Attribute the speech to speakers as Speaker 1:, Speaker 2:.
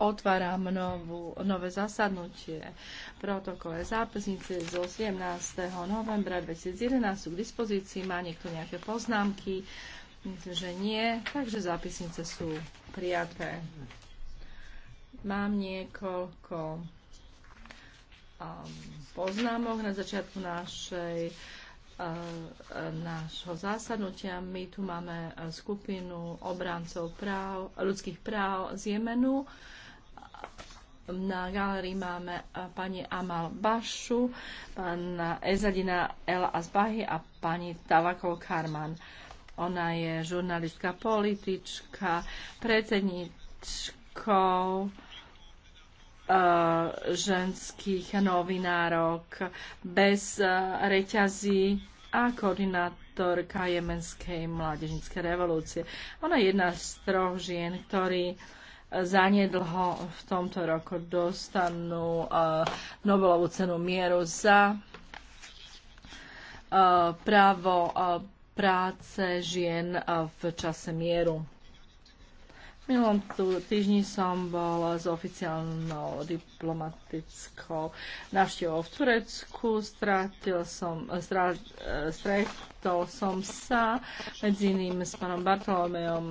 Speaker 1: Otváram novú, nové zasadnutie. Protokole zápisnice zo 17. novembra 2011 sú k dispozícii. Má niekto nejaké poznámky? Myslím, že nie. Takže zápisnice sú prijaté. Mám niekoľko um, poznámok na začiatku našej uh, nášho zásadnutia. My tu máme uh, skupinu obrancov práv, ľudských práv z Jemenu. Na galerii máme eh, pani Amal Bašu, pána Ezadina El Azbahi a pani Tavakol Karman. Ona je žurnalistka, politička, predsedničkou eh, ženských novinárok bez eh, reťazí a koordinátorka jemenskej mládežnickej revolúcie. Ona je jedna z troch žien, ktorí zanedlho v tomto roku dostanú eh, Nobelovú cenu mieru za eh, právo eh, práce žien v čase mieru. V minulom týždni som bol s oficiálnou diplomatickou návštevou v Turecku. Strátil som, strat, stretol som sa medzi iným s pánom Bartolomeom